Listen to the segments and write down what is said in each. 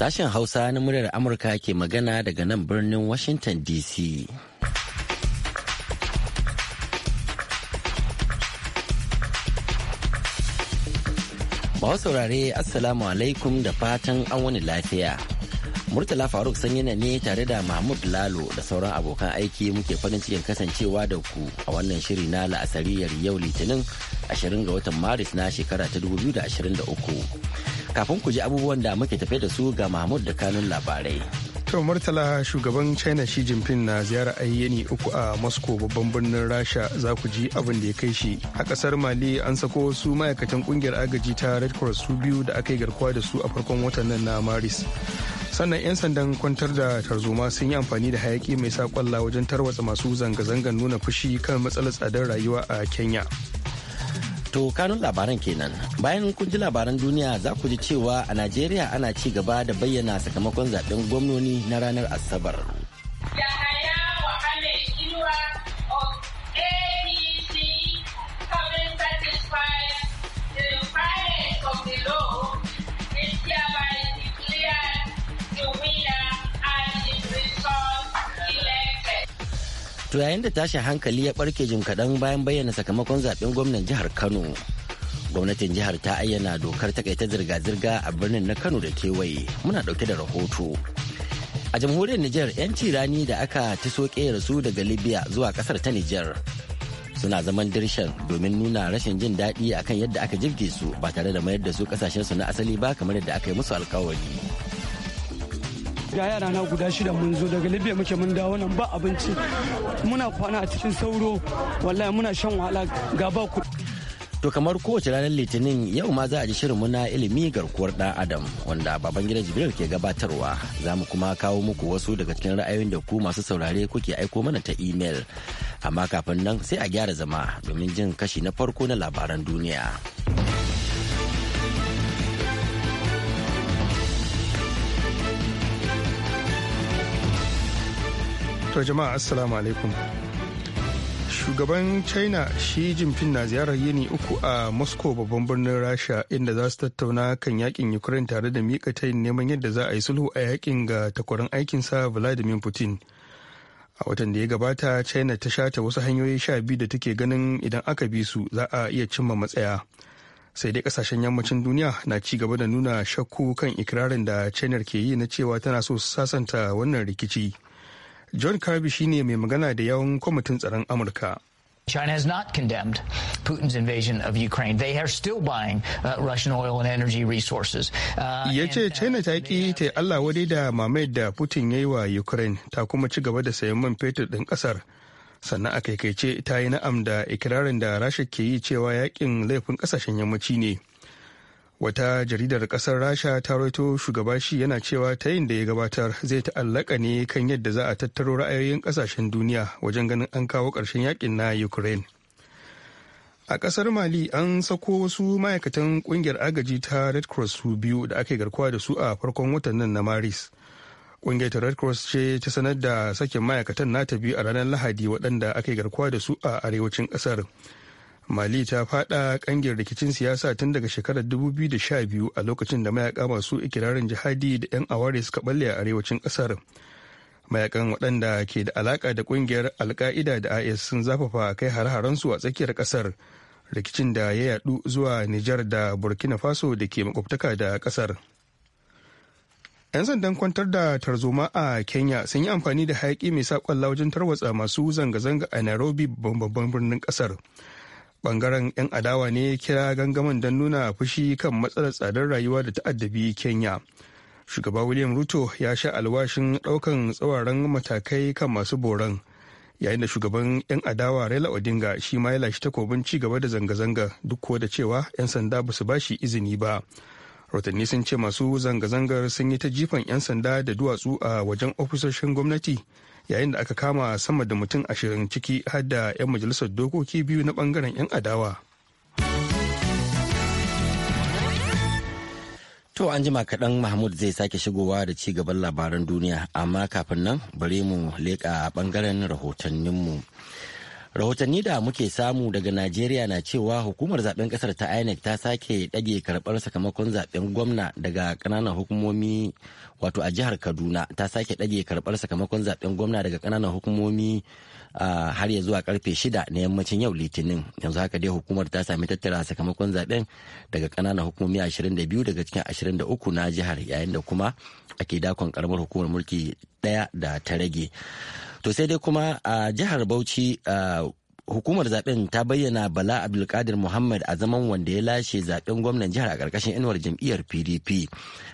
Sashen Hausa na muryar Amurka ke magana daga nan birnin Washington DC. mahu saurare Assalamu alaikum da fatan an wani lafiya. Murtala Faruk Sanyina ne tare da Mahmud Lalo da sauran abokan aiki muke farin cikin kasancewa da ku a wannan shiri na la'asariyar yau Litinin 20 ga watan Maris na shekara ta 2023. kafin ku ji abubuwan da muke tafe da su ga mahmud da kanun labarai to murtala shugaban china shi jinping na ziyara ayyani uku a moscow babban birnin rasha za ku ji abin da ya kai shi a kasar mali an sako su ma'aikatan kungiyar agaji ta red cross su biyu da aka yi garkuwa da su a farkon watan nan na maris sannan 'yan sandan kwantar da tarzoma sun yi amfani da hayaki mai sa wajen tarwatsa masu zanga-zangar nuna fushi kan matsalar tsadar rayuwa a kenya To kanun labaran kenan. Bayan kun ji labaran duniya za ku ji cewa a Najeriya ana ci gaba da bayyana sakamakon zaben gwamnoni na ranar Asabar. to yayin da tashin hankali ya barke jim kaɗan bayan bayyana sakamakon zaben gwamnan jihar kano gwamnatin jihar ta ayyana dokar takaita zirga-zirga a birnin na kano da kewaye muna ɗauke da rahoto a jamhuriyar nijar 'yanci rani da aka ta soke su daga libya zuwa kasar ta nijar suna zaman dirshan domin nuna rashin jin daɗi akan yadda aka jirge su ba tare da mayar da su su na asali ba kamar yadda aka yi musu alkawari ga yara na guda shida mun zo daga libya muke mun dawo nan ba abinci muna kwana a cikin sauro wallahi muna shan wahala ga ba ku To kamar kowace ranar Litinin yau ma za a ji shirinmu na ilimi garkuwar ɗan Adam wanda baban gidan Jibril ke gabatarwa. Za mu kuma kawo muku wasu daga cikin ra'ayoyin da ku masu saurare kuke aiko mana ta imel. Amma kafin nan sai a gyara zama domin jin kashi na farko na labaran duniya. To jama'a assalamu alaikum. Shugaban China Xi Jinping na ziyarar yini uku a Moscow babban birnin Rasha inda za su tattauna kan yakin Ukraine tare da mika tayin neman yadda za a yi sulhu a yakin ga takwarar aikinsa Vladimir Putin. A watan da ya gabata China ta shata wasu hanyoyi sha biyu da take ganin idan aka bi su za a iya cimma matsaya. Sai dai kasashen yammacin duniya na ci gaba da nuna shakku kan ikirarin da China ke yi na cewa tana so su sasanta wannan rikici. John Kirby ne mai magana da yawan kwamitin tsaron Amurka. China has not condemned Putin's invasion of Ukraine. They are still buying uh, Russian oil and energy resources. Uh, ya ce uh, China ta ki ta Allah wadai da mamayar da Putin ya yi wa Ukraine ta kuma ci gaba da sayan man fetur ɗin ƙasar. Sannan a ce ta yi na'am da ikirarin da Rasha ke yi cewa yakin laifin ƙasashen yammaci ne. wata jaridar kasar rasha ta roito shugaba shi yana cewa ta yin da ya gabatar zai ta'allaka ne kan yadda za a tattaro ra'ayoyin kasashen duniya wajen ganin an kawo ƙarshen yakin na ukraine a kasar mali an sako wasu ma'aikatan kungiyar agaji ta red cross su biyu da aka garkuwa da su a farkon watan nan na maris kungiyar ta red cross ce ta sanar da sakin ma'aikatan nata biyu a ranar lahadi waɗanda aka garkuwa da su a arewacin kasar mali ta faɗa kangin rikicin siyasa tun daga shekarar 2012 a lokacin da mayaka masu ikirarin jihadi da 'yan aware suka balle a arewacin ƙasar mayakan waɗanda ke da alaka da ƙungiyar alka'ida da is sun zafafa kai har-haransu a tsakiyar ƙasar rikicin da ya yadu zuwa nijar da burkina faso da ke makwabtaka da ƙasar. 'yan sandan kwantar da tarzoma a kenya sun yi amfani da hayaki mai saƙon wajen tarwatsa masu zanga-zanga a nairobi babban birnin kasar bangaren 'yan adawa ne kira gangamin don nuna fushi kan matsalar tsadar rayuwa da ta'addabi kenya shugaba william ruto ya sha alwashin daukan tsawaran matakai kan masu boran yayin da shugaban 'yan adawa raila odinga shi ma ya lashe takobin ci gaba da zanga-zanga duk da cewa 'yan sanda ba su bashi izini ba rotanni sun ce masu zanga-zangar sun yi ta jifan 'yan sanda da duwatsu a wajen ofisoshin gwamnati yayin da aka kama sama da mutum ashirin ciki har da 'yan majalisar dokoki biyu na bangaren 'yan adawa. To an jima kaɗan Mahmud zai sake shigowa da ci gaban labaran duniya amma kafin nan bari mu leƙa ɓangaren rahotanninmu. mu. rahotanni da muke samu daga najeriya na cewa hukumar zaben kasar ta inec ta sake dage karbar sakamakon zaben gwamna daga kananan hukumomi wato a jihar kaduna ta sake dage karbar sakamakon zaben gwamna daga kananan hukumomi har ya zuwa karfe shida na yammacin yau litinin yanzu haka dai hukumar ta sami tattara sakamakon zaben daga kananan hukumomi 22 daga cikin 23 na jihar yayin da kuma ake dakon karamar hukumar mulki daya da ta rage to sai dai kuma a jihar bauchi hukumar zaben ta bayyana bala abdulkadir muhammad a zaman wanda ya lashe zaben gwamnan jihar a ƙarƙashin inuwar jam'iyyar pdp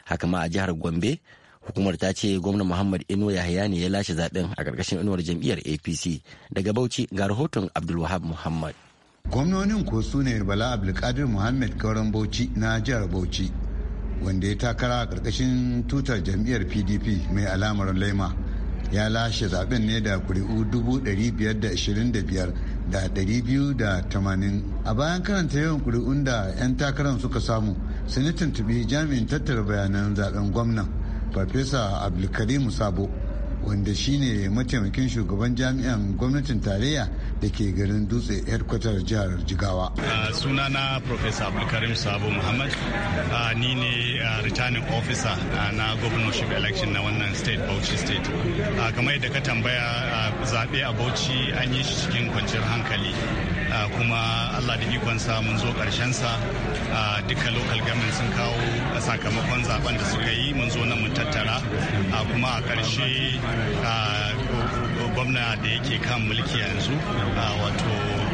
haka ma a jihar gombe hukumar ta ce gwamnan muhammad inuwa yahaya ne ya lashe zaben a ƙarƙashin inuwar jam'iyyar apc daga bauchi ga rahoton abdulwahab muhammad gwamnonin ko sune bala abdulkadir muhammad gauran bauchi na jihar bauchi wanda ya takara a karkashin tutar jam'iyyar pdp mai alamar laima ya lashe zaben ne da kuri'u 525,280 a bayan karanta yawan kuri'un da 'yan takarar suka samu sanatin tuntubi jami'in tattara bayanan zaben gwamna farfesa abdulkarim sabo wanda shine mataimakin shugaban jami'an gwamnatin tarayya da ke garin dutse kwatar jihar jigawa sunana professor abdulkarim sabo muhammad ni ne returning officer na governorship election na wannan state bauchi state kamar yadda ka tambaya zaɓe a bauchi an yi shi cikin kwanciyar hankali Ah, kuma allah da ikonsa mun zo sa ah, duka local government sun kawo sakamakon zaben da suka yi mun zo nan mun tattara ah, kuma a ƙarshe gwamna da yake kan mulki yanzu wato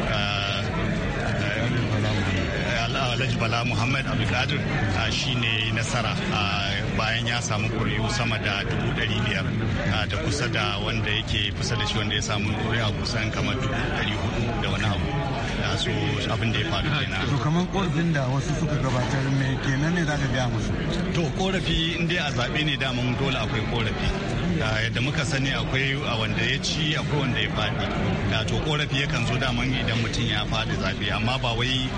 Alhaji Bala Muhammad Abdulkadir shi ne nasara bayan ya samu kuri'u sama da dubu ɗari biyar da kusa da wanda yake kusa da shi wanda ya samu kuri'a kusan kamar dubu ɗari hudu da wani abu. su abin da ya faru kenan to kamar korafin da wasu suka gabatar me kenan ne za ka gaya musu to korafi in dai a zabe ne mun dole akwai korafi yadda muka sani akwai a wanda ya ci akwai wanda ya faɗi da to korafi yakan zo da mun idan mutum ya faɗi zabe amma ba wai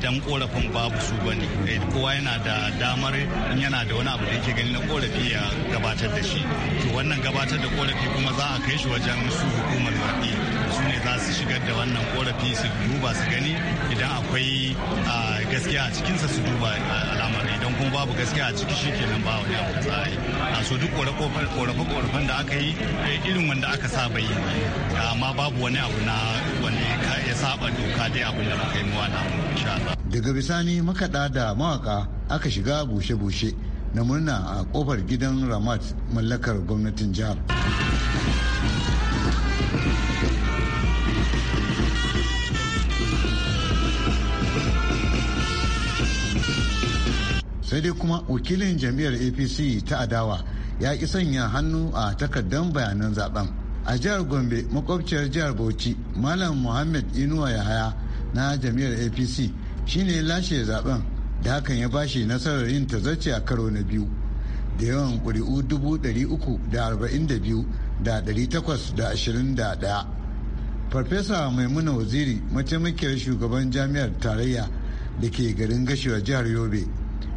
dan korafin babu su bane eh, kowa yana da damar in yana da wani abu da yake gani na korafi ya gabatar da shi to wannan gabatar da korafi kuma za a kai shi wajen su hukumar zabe masu shigar da wannan korafi su duba su gani idan akwai gaskiya a cikinsa su duba alamar idan kuma babu gaskiya a ciki shikenan ba wani abu za a yi a so duk korafe-korafen da aka yi eh, irin wanda aka saba yi amma babu wani abu na wani ya saba doka dai abin da aka yi mu wani daga bisani makaɗa da mawaka aka shiga bushe-bushe na murna a kofar gidan ramat mallakar gwamnatin jihar sai dai kuma wakilin jam'iyyar apc ta adawa ya ki sanya hannu a takardar bayanan zaben a jihar gombe makwabciyar jihar bauchi malam muhammad inuwa yahaya na jam'iyyar apc shine lashe zaben da hakan ya bashi nasarar yin tazarci a karo na biyu da yawan ƙuri'u 342,821 farfesa maimuna waziri mataimakiyar shugaban jami'ar tarayya da ke garin gashewa jihar yobe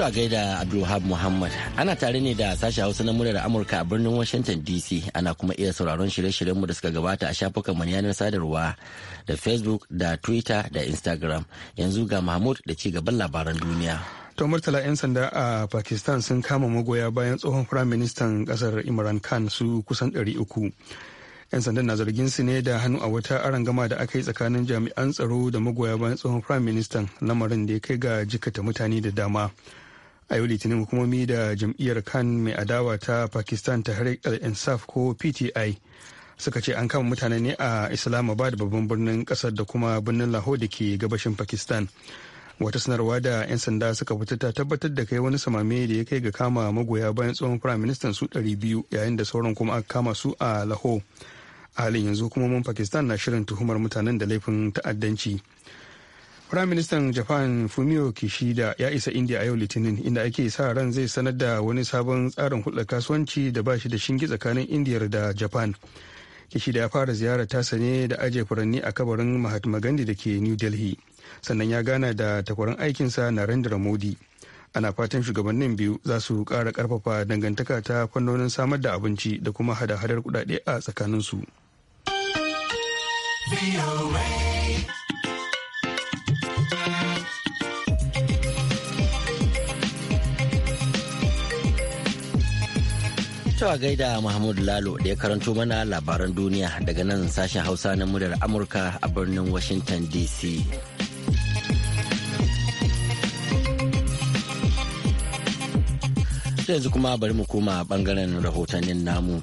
To a gaida abdulwahab Muhammad ana tare ne da sashen Hausa na muryar Amurka a birnin Washington DC ana kuma iya sauraron shirye-shiryenmu da suka gabata a shafukan mu yanar sadarwa da Facebook da Twitter da Instagram yanzu ga Mahmud da ci gaban labaran duniya. To murtala 'yan sanda a Pakistan sun kama magoya bayan tsohon firaministan kasar Imran Khan su kusan 300. 'yan sandan na zargin su ne da hannu a wata arangama da aka yi tsakanin jami'an tsaro da magoya bayan tsohon prime minister lamarin da ya kai ga jikata mutane da dama a yau litinin hukumomi da jam'iyyar kan mai adawa ta pakistan ta al-insaf ko pti suka ce an kama mutane ne a islamabad babban birnin kasar da kuma birnin lahore da ke gabashin pakistan wata sanarwa da 'yan sanda suka fita ta tabbatar da kai wani samame da ya kai ga kama magoya bayan tsohon firaministan su 200 yayin da sauran kuma aka kama su a lahore a halin yanzu hukumomin pakistan na shirin tuhumar mutanen da laifin ta'addanci Firaministan Japan Fumio Kishida ya isa India a yau Litinin inda ake sa ran zai sanar da wani sabon tsarin hulɗar kasuwanci da ba shi da shinge tsakanin India da Japan. Kishida ya fara ziyarar tasa ne da ajiye furanni a kabarin Mahatma Gandhi da ke New Delhi. Sannan ya gana da takwarar aikinsa Narendra Modi. Ana fatan shugabannin biyu za su kara karfafa dangantaka ta fannonin samar da abinci da kuma hada-hadar kuɗaɗe a tsakaninsu. Tawa gaida Mahmud Lalo da ya karanto mana labaran duniya daga nan sashen Hausa na muryar Amurka a birnin Washington DC. yanzu kuma bari mu koma bangaren rahotannin namu.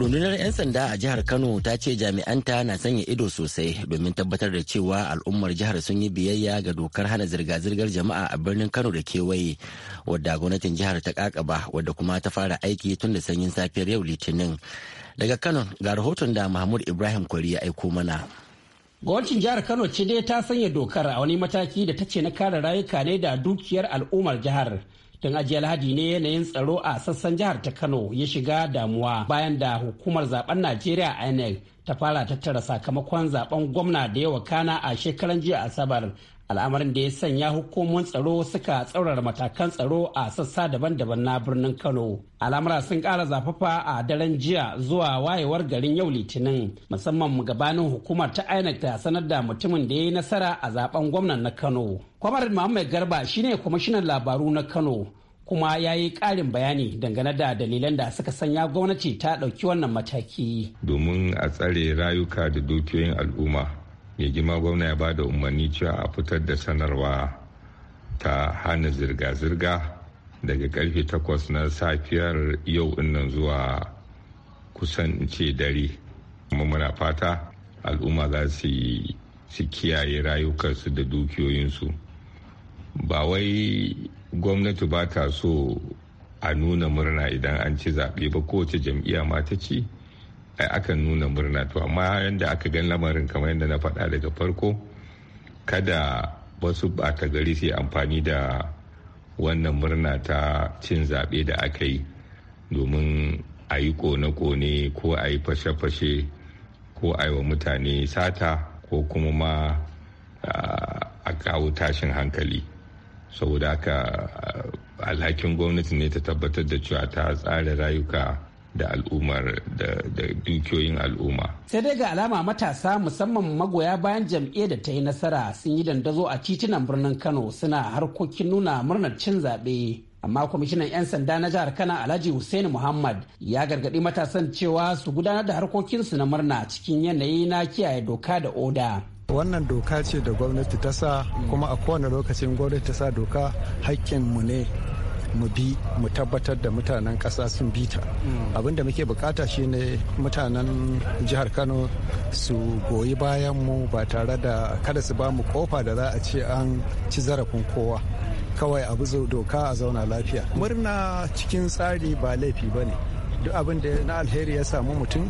rundunar 'yan sanda a jihar kano ta ce jami'anta na sanya ido sosai domin tabbatar da cewa al'ummar jihar sun yi biyayya ga dokar hana zirga-zirgar jama'a a birnin kano da kewaye wadda gwamnatin jihar ta kakaba wadda kuma ta fara aiki tun da sanyin safiyar yau litinin daga kano ga rahoton da mahmud ibrahim kwari ya aiko mana gwamnatin jihar kano ce dai ta sanya dokar a wani mataki da ta ce na kare rayuka ne da dukiyar al'ummar jihar don ajiye lahadi ne yanayin tsaro a sassan jihar ta kano ya shiga damuwa bayan da hukumar zaben najeriya inec ta fara tattara sakamakon zaben gwamna da yawa kana a shekaran jiya asabar al'amarin da ya sanya hukumomin tsaro suka tsaurara matakan tsaro a sassa daban-daban na birnin kano al'amura sun kara zafafa a daren jiya zuwa wayewar garin yau litinin musamman gabanin hukumar ta inec ta sanar da mutumin da ya yi nasara a zaben gwamnan na kano kwamar muhammad garba shine kwamishinan labaru na kano kuma ya yi ƙarin bayani dangane da dalilan da suka sanya gwamnati ta ɗauki wannan mataki domin a tsare rayuka da dukiyoyin al'umma mai girma gwamna ya ba da umarni cewa a fitar da sanarwa ta hana zirga-zirga daga karfe 8 na safiyar yau nan zuwa kusan ce dare kuma muna fata al'umma za su kiyaye rayukansu da dukiyoyinsu ba wai gwamnati ba ta so a nuna murna idan an ci zaɓe ba kowace jam'iyya ma ta ci Eh, akan nuna murna to amma yadda aka gan lamarin kamar yadda na faɗa daga farko kada wasu ɓata gari su amfani da wannan murna ta cin zaɓe da aka yi domin a yi kone-kone ko a yi fashe-fashe ko a yi wa mutane sata ko kuma ma ah, a kawo tashin hankali saboda haka ah, alhakin gwamnati ne ta tabbatar da cewa ta tsara rayuka da al'ummar da dukiyoyin al'umma. Sai dai ga alama matasa musamman magoya bayan jam'iyyar da ta yi nasara sun yi dandazo a titunan birnin Kano suna harkokin nuna murnar cin zaɓe. Amma kwamishinan 'yan sanda na jihar Kano Alhaji Hussein Muhammad ya gargaɗi matasan cewa su gudanar da harkokinsu na murna cikin yanayi na kiyaye doka da oda. wannan doka ce da gwamnati ta sa mm. kuma a kowane lokacin gwamnati ta sa doka mu ne mu bi mu tabbatar da mutanen ƙasa sun bita ta mm. abin da muke bukata shine mutanen jihar kano su goyi bayan mu ba tare da kada su ba mu kofa da za a ce an ci zarafin kowa kawai abu doka a zauna lafiya murna cikin tsari ba laifi ba ne duk abin da na alheri ya samu mutum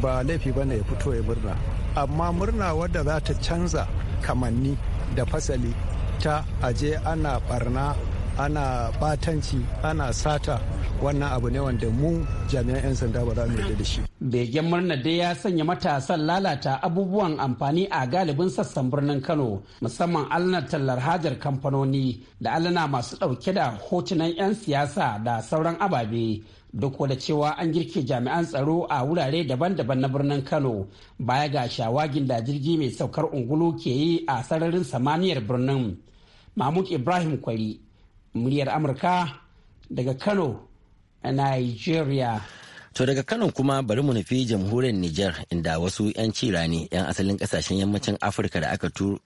ba laifi ba ne ya fito ya murna amma murna wadda za ta canza kamanni da fasali ta aje ana barna ana batanci ana sata wannan abu ne wanda mu jami'an 'yan sanda ba za mu yarda da shi begen murnar dai ya sanya matasan lalata abubuwan amfani a galibin sassan birnin kano musamman alnar tallar hajar kamfanoni da alana masu ɗauke da hotunan 'yan siyasa da sauran ababe duk da cewa an girke jami'an tsaro a wurare daban-daban na birnin kano baya ga shawagin da jirgi mai saukar ungulu ke yi a sararin samaniyar birnin mahmud ibrahim kwari muryar amurka daga kano a nigeria To daga Kano kuma bari mu nufi jamhuriyar Nijar inda wasu 'yan cira ne 'yan asalin kasashen yammacin Afirka da aka tuso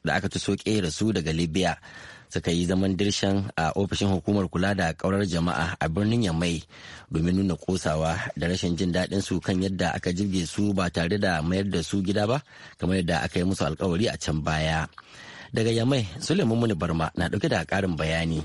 da su daga Libya suka yi zaman dirshan a ofishin hukumar kula da kaurar jama'a a birnin Yamai domin nuna kosawa da rashin jin daɗin su kan yadda aka jirge su ba tare da mayar da su gida ba kamar yadda aka yi musu alkawari a can baya. Daga Yamai, Suleiman Muni Barma na ɗauke da ƙarin bayani.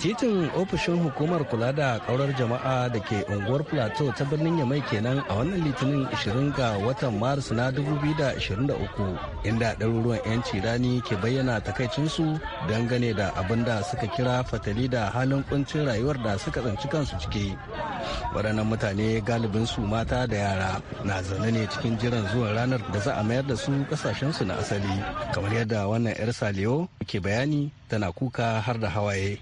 titin ofishin hukumar kula da kaurar jama'a da ke unguwar plateau ta birnin yamai kenan a wannan litinin 20 ga watan maris na 2023 inda ɗaruruwan 'yanci rani ke bayyana takaicinsu dangane da abin da suka kira fatali da halin kuncin rayuwar da suka tsanci kansu ciki waɗannan mutane galibin su mata da yara na zaune ne cikin jiran zuwan ranar da za a mayar da su kasashensu na asali kamar yadda wannan 'yar saliyo ke bayani tana kuka har da hawaye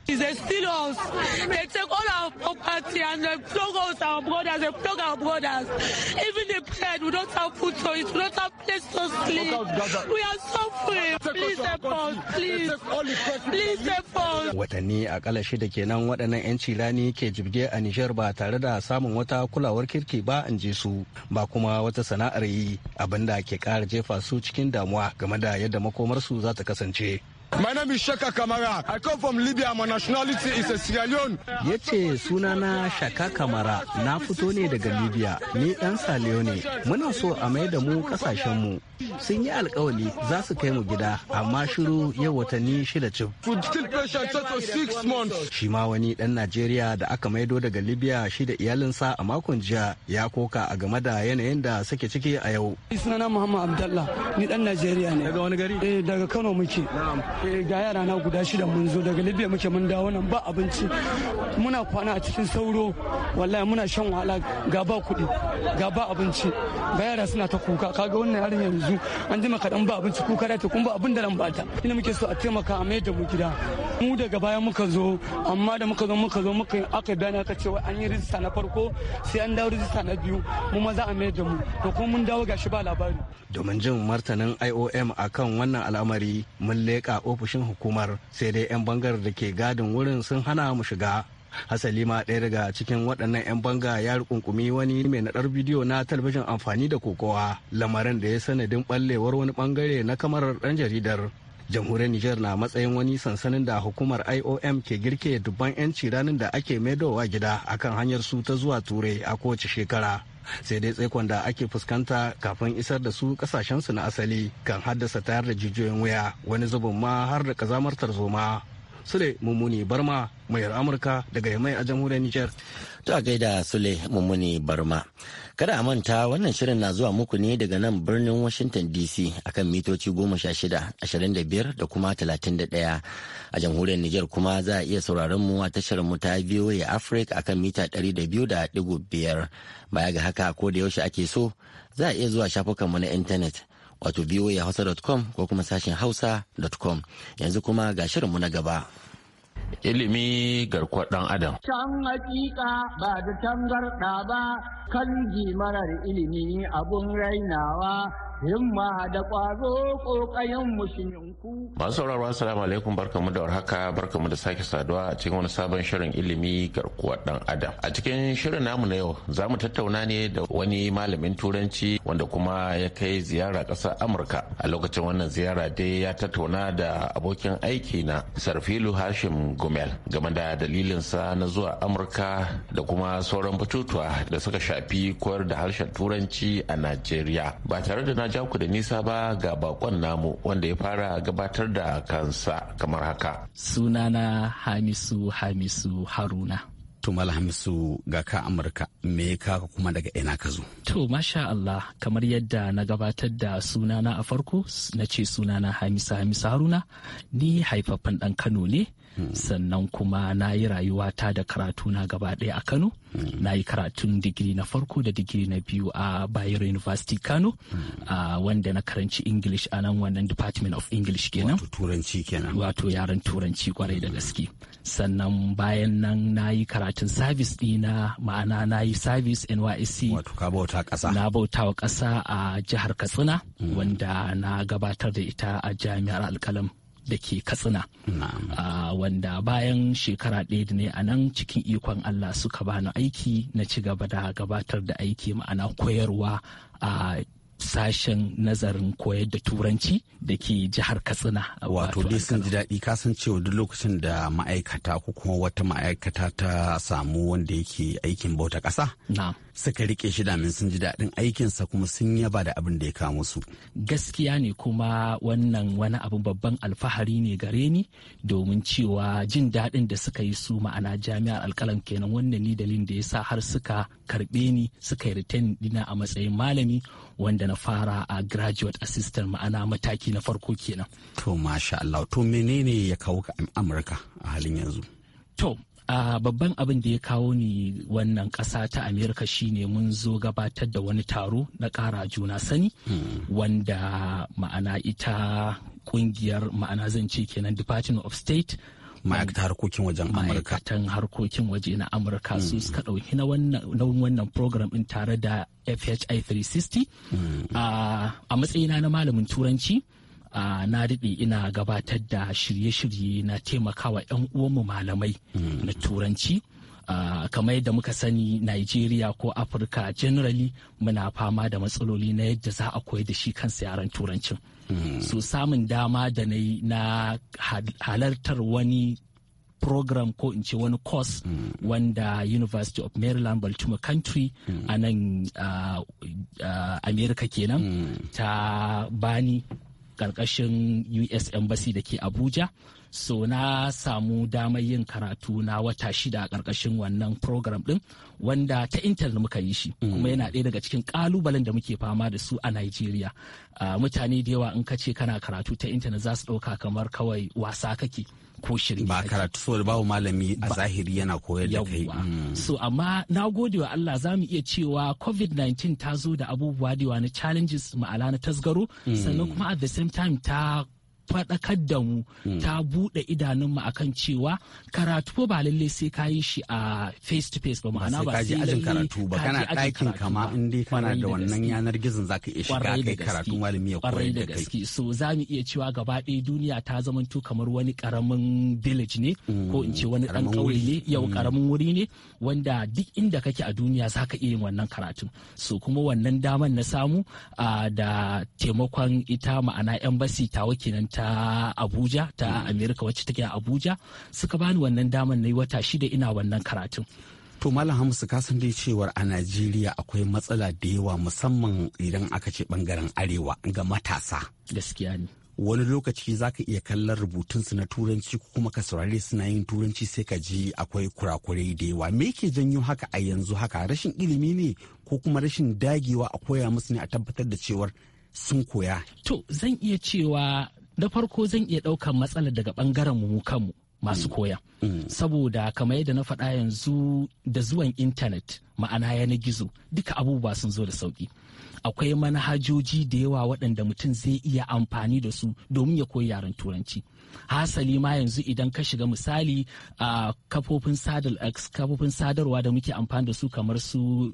us. They take all our property and they flog us, our brothers, they flog our brothers. Even the bread, we don't have food for it, we don't have place to sleep. We are suffering. Please help us, please. Please help us. Watanni kala shida kenan waɗannan 'yanci rani ke jibge a Nijar ba tare da samun wata kulawar kirki ba in ji su ba kuma wata sana'ar yi abinda ke ƙara jefa su cikin damuwa game da yadda makomarsu za ta kasance. My name is Shaka Kamara. I come from Libya. My nationality is a Sierra Leone. Ya ce sunana Shaka Kamara na fito ne daga Libya. Ni dan Saliyo ne. Muna so a mai da mu mu Sun yi alkawali za su kai mu gida amma shiru yau watanni shida cif. Shi ma wani dan Najeriya da aka maido daga Libya shi da iyalinsa a makon jiya ya koka a game da yanayin da suke ciki a yau. Sunana Muhammad Abdallah ni dan Najeriya ne. Daga wani gari? Eh daga Kano muke. Eh, ga yara na guda shida mun zo daga libya muke mun dawo nan ba abinci muna kwana a cikin sauro wallahi muna shan wahala ga ba kuɗi ga ba abinci ga yara suna ta kuka kaga wannan yarin yanzu an jima kaɗan ba abinci kuka da kun ba abin da nan bata ina muke so a taimaka a mayar da mu gida mu daga baya muka zo amma da muka zo muka zo muka aka dana aka ce an yi rijista na farko sai an dawo rijista na biyu mu ma za a mayar da mu to kuma mun dawo gashi ba labari domin jin martanin IOM akan wannan al'amari mun leƙa ofishin hukumar sai dai 'yan bangar da ke gadin wurin sun hana mu shiga hasali ma ɗaya daga cikin waɗannan 'yan banga ya rukunkumi wani mai naɗar bidiyo na talabijin amfani da kokowa lamarin da ya sanadin ɓallewar wani ɓangare na kamarar ɗan jaridar jamhuriyar niger na matsayin wani sansanin da hukumar iom ke girke dubban 'yanci ranar da ake maidowa gida akan hanyar su ta zuwa turai a kowace shekara sai dai tsaikon da ake fuskanta kafin isar da su kasashensu na asali kan haddasa tayar da jijiyoyin wuya wani zubin ma har da kazamar zoma Sule Mummuni Barma mayar Amurka daga Yamai a jamhuriyar niger To a gaida Sule Mummuni Barma. Kada a manta wannan shirin na zuwa muku ne daga nan birnin Washington DC akan mitoci goma sha shida, da biyar da kuma talatin ɗaya. A jamhuriyar Niger. kuma za a iya sauraron mu a tashar mu ta VOA Africa akan mita ɗari da biyu da Baya ga haka ko da yaushe ake so za a iya zuwa shafukanmu na intanet. wato voahausa.com ko kuma sashen hausa.com yanzu kuma ga shirinmu na gaba. Ilimi garkuwar ɗan Adam. Can hakika ba da tangarɗa ba kan marar ilimi abun rainawa himma da ƙwazo ƙoƙayen mushinku. Masu sauraro assalamu alaikum barkamu da warhaka barkamu da sake saduwa a cikin wani sabon shirin ilimi garkuwar dan adam. A cikin shirin namu na yau za mu tattauna ne da wani malamin turanci wanda kuma ya kai ziyara ƙasar Amurka. A lokacin wannan ziyara dai ya tattauna da abokin aiki na Sarfilu Hashim Gumel game da dalilinsa na zuwa Amurka da kuma sauran batutuwa da suka shafi koyar da harshen turanci a Najeriya ba tare da ja ku da nisa ba ga bakon namu wanda ya fara gabatar da kansa kamar haka. Sunana Hamisu Hamisu Haruna. Tumal Hamisu ga ka Amurka me ka kuma daga ina ka zo? To masha Allah kamar yadda na gabatar da sunana a farko na ce sunana Hamisu Hamisu Haruna ni haifaffen dan Kano ne sannan kuma na yi rayuwata da karatu na gaba ɗaya a kano na yi karatun digiri na farko da digiri na biyu a bayero university kano wanda na karanci english a nan wannan department of english kenan wato turanci kenan wato yaren turanci kwarai da gaske sannan bayan nan na yi karatun service ɗina ma'ana na yi service nysc wato ka bauta ƙasa na bauta wa ƙasa a jihar katsina wanda na gabatar da ita a jami'ar alkalam da ke katsina ah, wanda bayan shekara ɗaya ne a nan cikin ikon allah suka bani aiki na ci gaba da gabatar da aiki ma'ana koyarwa a ah, sashen nazarin koyar da turanci da ke jihar katsina wato dai sun ji daɗi kasan cewa duk lokacin da ma'aikata ko kuma wata ma'aikata ta samu wanda yake aikin bauta ƙasa suka rike shi damin sun ji daɗin aikinsa kuma sun yaba da abin da ya kawo su. gaskiya ne kuma wannan wani abu babban alfahari ne gare ni domin cewa jin daɗin da suka yi su ma'ana jami'ar alkalam kenan wannan ni dalilin da ya sa har suka karɓe ni suka yi ritain dina a matsayin malami wanda na fara a graduate assistant ma'ana mataki na farko kenan. To masha Allah to menene ya kawo ka Amurka a halin yanzu? To Uh, babban abin da ya kawo ni wannan ƙasa ta amerika shine mun zo gabatar da wani taro na ƙara juna sani hmm. wanda ma'ana ita ƙungiyar ma'ana zan ce kenan department of state ma'aikatan harkokin wajen amurka ma'aikatan harkokin waje na amurka su mm. suka ɗauki na wannan program ɗin tare da fhi 360 mm. a matsayina na malamin turanci na daɗe ina gabatar da shirye-shirye na taimakawa 'yan uwanmu malamai mm. na turanci Ah, kamar yadda muka sani Nigeria ko Afirka generally muna fama da matsaloli na yadda za a koyar da shi kansa yaran turancin. Hmm. So samun dama da na na halartar wani program ko in ce wani course hmm. wanda University of Maryland Baltimore Country mm. a nan ah, ah, America kenan hmm. ta bani ƙarƙashin US Embassy da ke Abuja. So na samu damar yin karatu na wata shida a ƙarƙashin wannan program ɗin wanda ta intanet muka yi shi mm. kuma yana ɗaya daga cikin kalubalen da muke fama da su a Nigeria. Uh, mutane da yawa in ka ce kana karatu ta intanet za su ɗauka kamar kawai wasa kake. ko shirin ba karatu So babu malami a zahiri yana koyar da kai mm. so amma na gode wa Allah za mu iya cewa covid-19 ta zo da abubuwa da na challenges ma'ala na tasgaro mm. sannan kuma at the same time ta faɗakar da mu hmm. ta buɗe idanunmu akan cewa karatu ba lalle sai ka yi shi a face to face ba ma'ana ba sai ajin karatu ba kana ɗakin kama in dai kana da wannan yanar gizon zaka iya shiga kai karatu malami ya koyar da kai so za mu iya cewa gaba ɗaya duniya ta to kamar wani karamin village ne ko in ce wani ɗan hmm, ƙauye ne yau karamin hmm. wuri ne wanda duk inda kake a duniya zaka iya yin wannan karatu so kuma wannan daman na samu ah, da taimakon ita ma'ana yan basi tawa kenan ta ta abuja ta mm. Amerika wacce take a abuja suka bani wannan daman na yi wata shida ina wannan karatun to malam Hamisu ka san dai cewar a najeriya akwai matsala da yawa musamman idan aka ce bangaren arewa ga matasa gaskiya ne wani lokaci za ka iya kallon rubutunsu na turanci ko kuma ka saurare suna yin turanci sai ka ji akwai kurakurai da yawa me yake janyo haka a yanzu haka rashin ilimi ne ko kuma rashin dagewa a koya musu ne a tabbatar da cewar sun koya to zan iya cewa da farko zan iya ɗaukar matsalar daga ɓangaren mu kanmu masu mm. koya mm. saboda kamar yadda na faɗa yanzu da zuwan intanet ma'ana na gizo duka abubuwa sun zo da sauƙi akwai manhajoji da yawa waɗanda mutum zai iya amfani da su domin ya koyi yaren turanci hasali ma yanzu idan ka shiga misali a kafofin kafofin sadarwa da muke amfani da su kamar su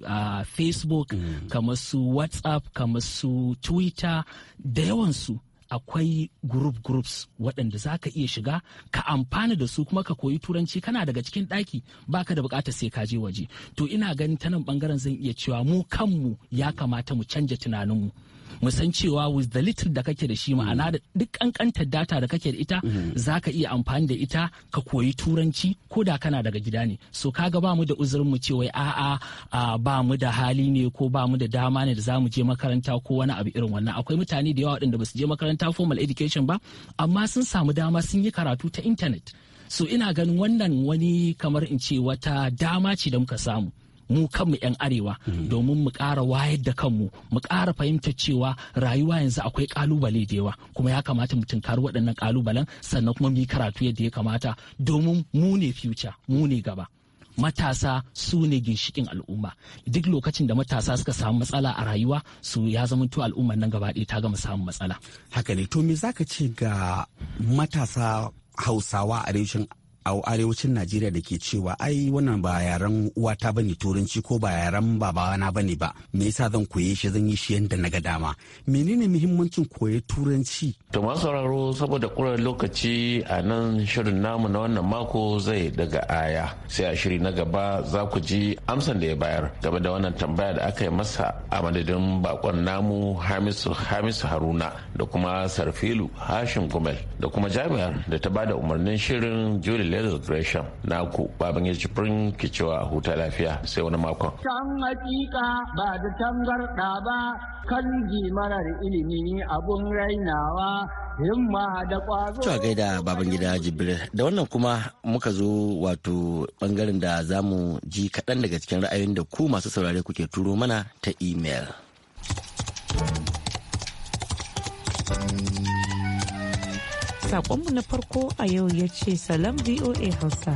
facebook mm. kamar su whatsapp kamar su twitter da yawansu akwai group groups waɗanda za ka iya shiga ka amfana da su kuma ka koyi turanci kana daga cikin ɗaki ba ka da bukatar sai ka je waje to ina ganin ta nan ɓangaren zan iya cewa mu kanmu ya kamata mu canja tunaninmu mu san cewa with the little da kake da shi ma'ana da duk kankantar data da kake da ita mm-hmm. za ka iya amfani da ita ka koyi turanci ko da kana daga gida ne so kaga ba mu da uzurin mu cewa a'a ba mu da hali ne ko ba mu da dama ne da za mu je makaranta ko wani abu irin wannan akwai mutane da yawa waɗanda ba su je makaranta formal education ba amma sun samu dama sun yi karatu ta intanet so ina ganin wannan wani kamar in ce wata dama ce da muka samu mu kanmu 'yan arewa mm-hmm. domin mu kara wayar da kanmu mu ƙara fahimta cewa rayuwa yanzu akwai ƙalubale da yawa kuma ya kamata mu tunkari waɗannan kalubalen sannan kuma mu yi karatu yadda ya kamata domin mu ne future mu ne gaba matasa su ne ginshikin al'umma duk lokacin da matasa suka samu matsala a rayuwa su ya zamanto al'ummar nan gaba ɗaya ta gama samun matsala haka ne to me zaka ce ga matasa hausawa a reshen a arewacin najeriya da ke cewa ai wannan ba yaren uwata bane turanci ko ba yaren babana bane ba me yasa zan koye shi zan yi shi yanda na ga dama menene muhimmancin koye turanci to masu sauraro saboda kurar lokaci a nan shirin namu na wannan mako zai daga aya sai a shiri na gaba za ku ji amsan da ya bayar game da wannan tambaya da aka yi masa a madadin bakon namu hamisu hamisu haruna da kuma sarfilu hashim gumel da kuma jami'ar da ta bada umarnin shirin jolile Julius Gresham na ku baban ya ci ki cewa huta lafiya sai wani makon. Can hakika ba da tangarɗa ba kan marar ilimi abun rainawa himma da ƙwazo. Cewa gaida baban gida Jibril da wannan kuma muka zo wato bangaren da za mu ji kaɗan daga cikin ra'ayoyin da ku masu saurare kuke turo mana ta email. Sakonmu na farko a yau ya ce salam VOA Hausa.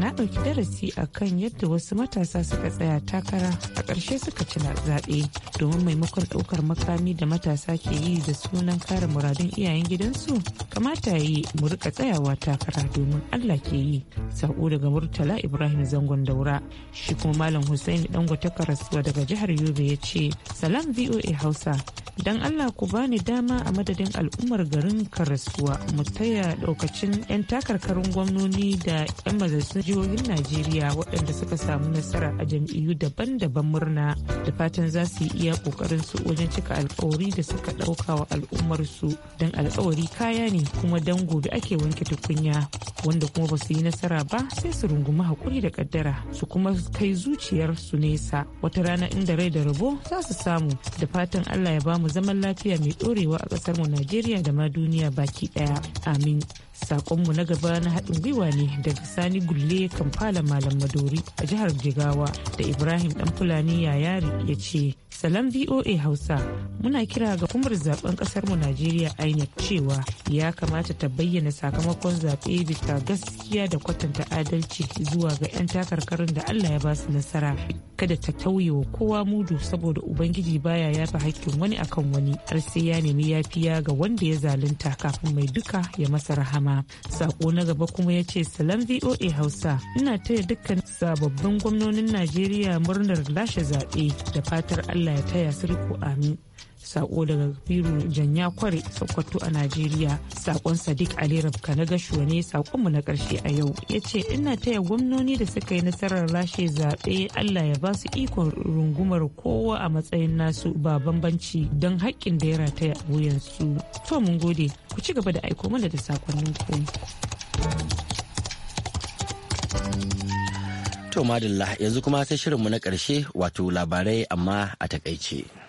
Na ɗauki darasi a kan yadda wasu matasa suka tsaya takara a ƙarshe suka ci na zaɓe domin maimakon ɗaukar makami da matasa ke yi da sunan kare muradun iyayen gidansu kamata ya yi mu rika tsayawa takara domin Allah ke yi. Sako daga Murtala Ibrahim Zangon Daura shi kuma Malam Hussein Dangote Karasuwa daga jihar Yobe ya ce salam VOA Hausa. don allah ku bani dama a madadin al'ummar garin karasuwa mu taya daukacin 'yan takarkarin gwamnoni da 'yan majalisun jihohin najeriya waɗanda suka samu nasara a jam'iyyu daban-daban murna da fatan za su yi iya ƙoƙarin su wajen cika alkawari da suka ɗauka wa al'ummar su don alkawari kaya ne kuma don gobe ake wanke tukunya wanda kuma ba su yi nasara ba sai su rungumi haƙuri da ƙaddara su kuma kai zuciyar su nesa wata rana inda rai da rabo za su samu da fatan allah ya bamu mu zaman lafiya mai ɗorewa a mu Najeriya da ma duniya baki ɗaya. Amin. sakonmu na gaba na haɗin gwiwa ne daga sani gulle kamfala malam madori a jihar jigawa da ibrahim dan fulani yayari ya ce salam voa hausa muna kira ga kumar zaben mu najeriya inec cewa ya kamata ta bayyana sakamakon zaɓe bisa gaskiya da kwatanta adalci zuwa ga 'yan takarkarin da allah ya basu nasara kada ta tauye wa kowa mudu saboda ubangiji baya yafi hakkin wani akan wani har sai ya nemi yafiya ga wanda ya zalunta kafin mai duka ya masa rahama girma sako na gaba kuma ya ce salam voa hausa ina taya dukkan sababbin gwamnonin najeriya murnar lashe zaɓe da fatar allah ya taya su riko amin sako daga biro janya kware sokoto a najeriya sakon sadiq ali rabka na gashuwa ne sakonmu na karshe a yau ya ce ina taya gwamnoni da suka yi nasarar lashe zaɓe allah ya ba su ikon rungumar kowa a matsayin nasu ba bambanci don haƙƙin da ya rataya wuyansu to mun gode ku ci gaba da aiko mana da sakonninku To madalla yanzu kuma sai shirinmu na ƙarshe wato labarai amma a takaice.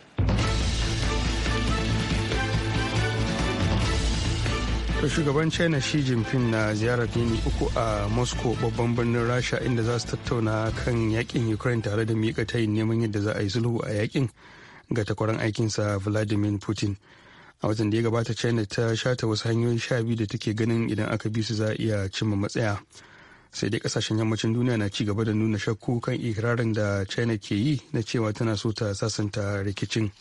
shugaban china shi jinping na ziyarar yini uku a moscow babban birnin rasha inda za su tattauna kan yakin ukraine tare da mika tayin neman yadda za a yi sulhu a yakin ga takwaran aikinsa vladimir putin a watan da ya gabata china ta shata wasu hanyoyi sha biyu da take ganin idan aka bi su za a iya cimma matsaya sai dai kasashen yammacin duniya na ci gaba da nuna shakku kan ikirarin da china ke yi na cewa tana so ta sasanta rikicin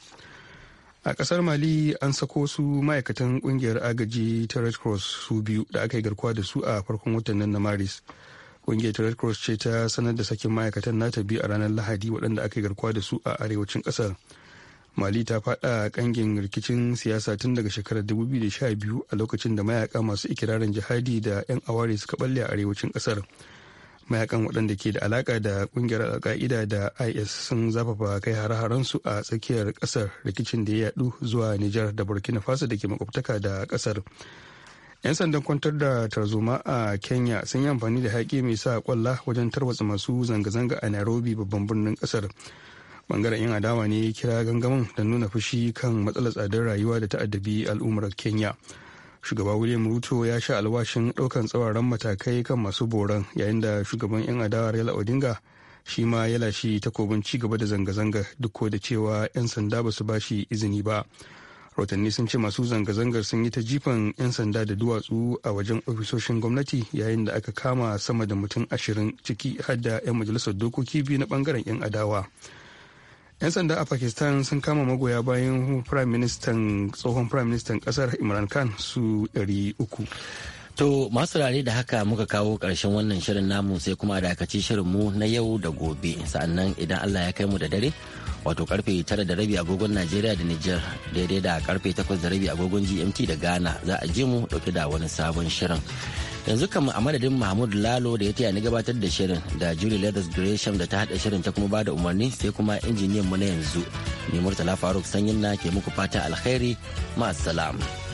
a kasar mali an sako su ma'aikatan kungiyar agaji ta red cross su biyu da aka yi garkuwa da su a farkon watan nan na maris kungiyar ta red cross ce ta sanar da sakin ma'aikatan nata biyu a ranar lahadi waɗanda aka yi garkuwa da su a arewacin kasar mali ta faɗa kangin rikicin siyasa tun daga shekarar 2012 a lokacin da mayaka masu ikirarin jihadi da 'yan awari suka balle a arewacin kasar. mayakan waɗanda ke da alaƙa da kungiyar alka'ida da is sun zafafa kai hare-harensu a tsakiyar ƙasar rikicin da ya yadu zuwa nijar da burkina faso da ke makwabtaka da ƙasar 'yan sandan kwantar da tarzoma a kenya sun yi amfani da haƙi mai sa kwalla wajen tarwatsa masu zanga-zanga a nairobi babban birnin ƙasar bangaren 'yan adawa ne kira gangamin don nuna fushi kan matsalar tsadar rayuwa da ta'addabi al'ummar kenya shugaba william ruto ya sha alwashin ɗaukan tsawaran matakai kan masu boran yayin da shugaban 'yan adawa raila odinga shi ma ya lashe takobin ci gaba da zanga-zanga duk ko da cewa 'yan sanda ba su ba shi izini ba rahotanni sun ce masu zanga-zangar sun yi ta jifan 'yan sanda da duwatsu a wajen ofisoshin gwamnati yayin da aka kama sama da mutum ashirin ciki har da 'yan majalisar dokoki biyu na bangaren 'yan adawa 'yan sanda a pakistan sun kama magoya bayan tsohon prime minister kasar imran khan su 300 To masu rare da haka muka kawo karshen wannan shirin namu sai kuma a dakaci shirinmu na yau da gobe sa'annan idan Allah ya kai mu da dare wato karfe tara da rabi agogon Najeriya da Nijar daidai da karfe takwas da rabi agogon GMT da Ghana za a je mu dauke da wani sabon shirin. yanzu kamar a madadin mahmud lalo da ya taya ni gabatar da shirin da julie leathers gresham da ta hada shirin ta kuma ba da umarni sai kuma injiniyan mu na yanzu ne murtala faruk sanyin na ke muku fata alkhairi maasalam salam.